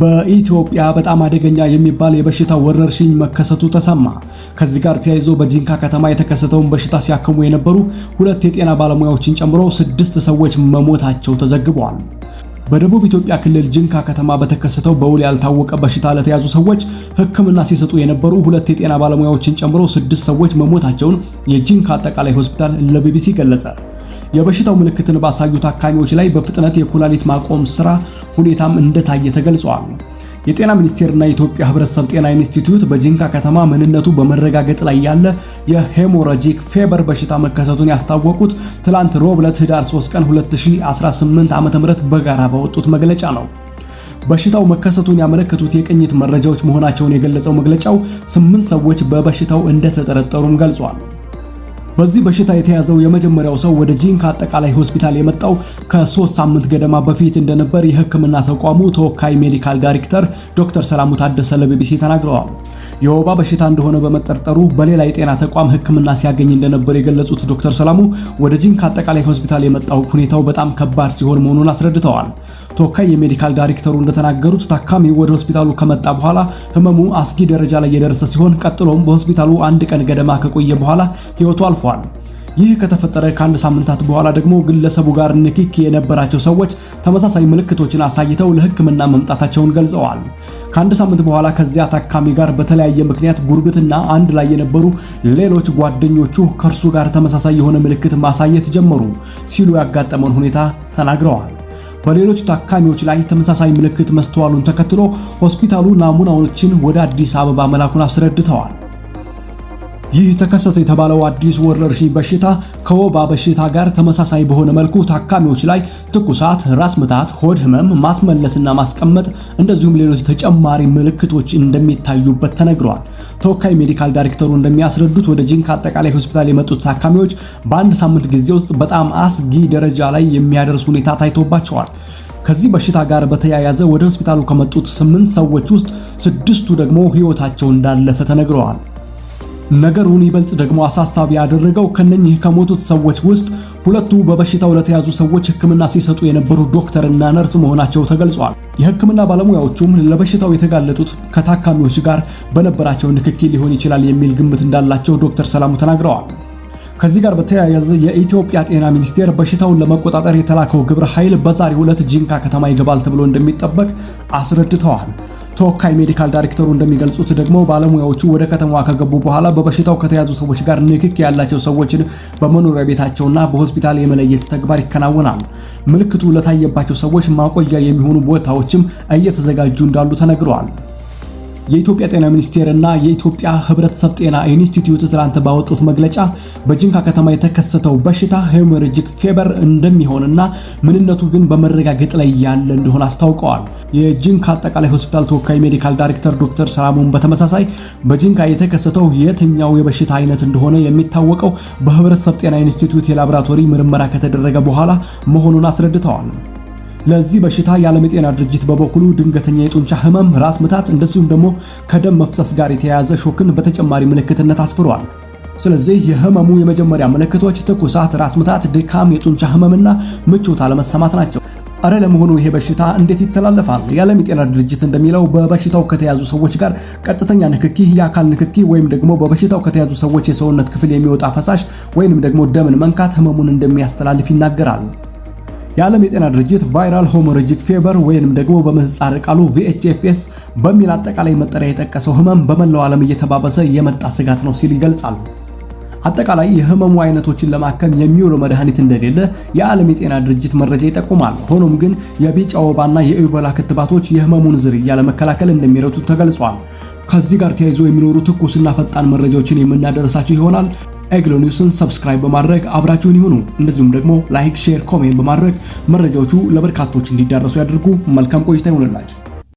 በኢትዮጵያ በጣም አደገኛ የሚባል የበሽታ ወረርሽኝ መከሰቱ ተሰማ። ከዚህ ጋር ተያይዞ በጂንካ ከተማ የተከሰተውን በሽታ ሲያክሙ የነበሩ ሁለት የጤና ባለሙያዎችን ጨምሮ ስድስት ሰዎች መሞታቸው ተዘግበዋል። በደቡብ ኢትዮጵያ ክልል ጂንካ ከተማ በተከሰተው በውል ያልታወቀ በሽታ ለተያዙ ሰዎች ሕክምና ሲሰጡ የነበሩ ሁለት የጤና ባለሙያዎችን ጨምሮ ስድስት ሰዎች መሞታቸውን የጂንካ አጠቃላይ ሆስፒታል ለቢቢሲ ገለጸ። የበሽታው ምልክትን ባሳዩ ታካሚዎች ላይ በፍጥነት የኩላሊት ማቆም ስራ ሁኔታም እንደታየ ተገልጿል። የጤና ሚኒስቴርና የኢትዮጵያ ሕብረተሰብ ጤና ኢንስቲትዩት በጂንካ ከተማ ምንነቱ በመረጋገጥ ላይ ያለ የሄሞራጂክ ፌበር በሽታ መከሰቱን ያስታወቁት ትላንት ሮብ ህዳር 3 ቀን 2018 ዓ.ም በጋራ ባወጡት መግለጫ ነው። በሽታው መከሰቱን ያመለከቱት የቅኝት መረጃዎች መሆናቸውን የገለጸው መግለጫው ስምንት ሰዎች በበሽታው እንደተጠረጠሩም ገልጿል። በዚህ በሽታ የተያዘው የመጀመሪያው ሰው ወደ ጂንካ አጠቃላይ ሆስፒታል የመጣው ከሶስት ሳምንት ገደማ በፊት እንደነበር የሕክምና ተቋሙ ተወካይ ሜዲካል ዳይሬክተር ዶክተር ሰላሙ ታደሰ ለቢቢሲ ተናግረዋል። የወባ በሽታ እንደሆነ በመጠርጠሩ በሌላ የጤና ተቋም ሕክምና ሲያገኝ እንደነበር የገለጹት ዶክተር ሰላሙ ወደ ጂንካ አጠቃላይ ሆስፒታል የመጣው ሁኔታው በጣም ከባድ ሲሆን መሆኑን አስረድተዋል። ተወካይ የሜዲካል ዳይሬክተሩ እንደተናገሩት ታካሚው ወደ ሆስፒታሉ ከመጣ በኋላ ህመሙ አስጊ ደረጃ ላይ የደረሰ ሲሆን ቀጥሎም በሆስፒታሉ አንድ ቀን ገደማ ከቆየ በኋላ ህይወቱ አልፏል። ይህ ከተፈጠረ ከአንድ ሳምንታት በኋላ ደግሞ ግለሰቡ ጋር ንክኪ የነበራቸው ሰዎች ተመሳሳይ ምልክቶችን አሳይተው ለሕክምና መምጣታቸውን ገልጸዋል። ከአንድ ሳምንት በኋላ ከዚያ ታካሚ ጋር በተለያየ ምክንያት ጉርብትና አንድ ላይ የነበሩ ሌሎች ጓደኞቹ ከእርሱ ጋር ተመሳሳይ የሆነ ምልክት ማሳየት ጀመሩ ሲሉ ያጋጠመውን ሁኔታ ተናግረዋል። በሌሎች ታካሚዎች ላይ ተመሳሳይ ምልክት መስተዋሉን ተከትሎ ሆስፒታሉ ናሙናዎችን ወደ አዲስ አበባ መላኩን አስረድተዋል። ይህ ተከሰተ የተባለው አዲስ ወረርሽኝ በሽታ ከወባ በሽታ ጋር ተመሳሳይ በሆነ መልኩ ታካሚዎች ላይ ትኩሳት፣ ራስ ምታት፣ ሆድ ህመም፣ ማስመለስና ማስቀመጥ እንደዚሁም ሌሎች ተጨማሪ ምልክቶች እንደሚታዩበት ተነግረዋል። ተወካይ ሜዲካል ዳይሬክተሩ እንደሚያስረዱት ወደ ጂንካ አጠቃላይ ሆስፒታል የመጡት ታካሚዎች በአንድ ሳምንት ጊዜ ውስጥ በጣም አስጊ ደረጃ ላይ የሚያደርስ ሁኔታ ታይቶባቸዋል። ከዚህ በሽታ ጋር በተያያዘ ወደ ሆስፒታሉ ከመጡት ስምንት ሰዎች ውስጥ ስድስቱ ደግሞ ህይወታቸው እንዳለፈ ተነግረዋል። ነገሩን ይበልጥ ደግሞ አሳሳቢ ያደረገው ከነኚህ ከሞቱት ሰዎች ውስጥ ሁለቱ በበሽታው ለተያዙ ሰዎች ሕክምና ሲሰጡ የነበሩ ዶክተርና ነርስ መሆናቸው ተገልጿል። የሕክምና ባለሙያዎቹም ለበሽታው የተጋለጡት ከታካሚዎች ጋር በነበራቸው ንክኪ ሊሆን ይችላል የሚል ግምት እንዳላቸው ዶክተር ሰላሙ ተናግረዋል። ከዚህ ጋር በተያያዘ የኢትዮጵያ ጤና ሚኒስቴር በሽታውን ለመቆጣጠር የተላከው ግብረ ኃይል በዛሬው ዕለት ጂንካ ከተማ ይገባል ተብሎ እንደሚጠበቅ አስረድተዋል። ተወካይ ሜዲካል ዳይሬክተሩ እንደሚገልጹት ደግሞ ባለሙያዎቹ ወደ ከተማዋ ከገቡ በኋላ በበሽታው ከተያዙ ሰዎች ጋር ንክክ ያላቸው ሰዎችን በመኖሪያ ቤታቸውና በሆስፒታል የመለየት ተግባር ይከናወናል። ምልክቱ ለታየባቸው ሰዎች ማቆያ የሚሆኑ ቦታዎችም እየተዘጋጁ እንዳሉ ተነግረዋል። የኢትዮጵያ ጤና ሚኒስቴር እና የኢትዮጵያ ህብረተሰብ ጤና ኢንስቲትዩት ትላንት ባወጡት መግለጫ በጅንካ ከተማ የተከሰተው በሽታ ሄሞሬጂክ ፌበር እንደሚሆንና ምንነቱ ግን በመረጋገጥ ላይ ያለ እንደሆነ አስታውቀዋል። የጅንካ አጠቃላይ ሆስፒታል ተወካይ ሜዲካል ዳይሬክተር ዶክተር ሰላሙን በተመሳሳይ በጅንካ የተከሰተው የትኛው የበሽታ አይነት እንደሆነ የሚታወቀው በህብረተሰብ ጤና ኢንስቲትዩት የላቦራቶሪ ምርመራ ከተደረገ በኋላ መሆኑን አስረድተዋል። ለዚህ በሽታ የዓለም የጤና ድርጅት በበኩሉ ድንገተኛ የጡንቻ ህመም፣ ራስ ምታት እንደዚሁም ደግሞ ከደም መፍሰስ ጋር የተያያዘ ሾክን በተጨማሪ ምልክትነት አስፍሯል። ስለዚህ የህመሙ የመጀመሪያ ምልክቶች ትኩሳት፣ ራስ ምታት፣ ድካም፣ የጡንቻ ህመምና ምቾት አለመሰማት ናቸው። አረ ለመሆኑ ይሄ በሽታ እንዴት ይተላለፋል? የዓለም የጤና ድርጅት እንደሚለው በበሽታው ከተያዙ ሰዎች ጋር ቀጥተኛ ንክኪ፣ የአካል ንክኪ ወይም ደግሞ በበሽታው ከተያዙ ሰዎች የሰውነት ክፍል የሚወጣ ፈሳሽ ወይንም ደግሞ ደምን መንካት ህመሙን እንደሚያስተላልፍ ይናገራል። የዓለም የጤና ድርጅት ቫይራል ሆሞሮጂክ ፌቨር ወይንም ደግሞ በምህጻረ ቃሉ ቪኤችኤፍኤስ በሚል አጠቃላይ መጠሪያ የጠቀሰው ህመም በመላው ዓለም እየተባበሰ የመጣ ስጋት ነው ሲል ይገልጻል። አጠቃላይ የህመሙ አይነቶችን ለማከም የሚውለው መድኃኒት እንደሌለ የዓለም የጤና ድርጅት መረጃ ይጠቁማል። ሆኖም ግን የቢጫ ወባና የኢቦላ ክትባቶች የህመሙን ዝርያ ለመከላከል እንደሚረቱ ተገልጿል። ከዚህ ጋር ተያይዞ የሚኖሩ ትኩስና ፈጣን መረጃዎችን የምናደርሳችሁ ይሆናል። ኤግሎ ኒውስን ሰብስክራይብ በማድረግ አብራችሁን ይሁኑ። እንደዚሁም ደግሞ ላይክ፣ ሼር፣ ኮሜንት በማድረግ መረጃዎቹ ለበርካቶች እንዲዳረሱ ያድርጉ። መልካም ቆይታ ይሁንላችሁ።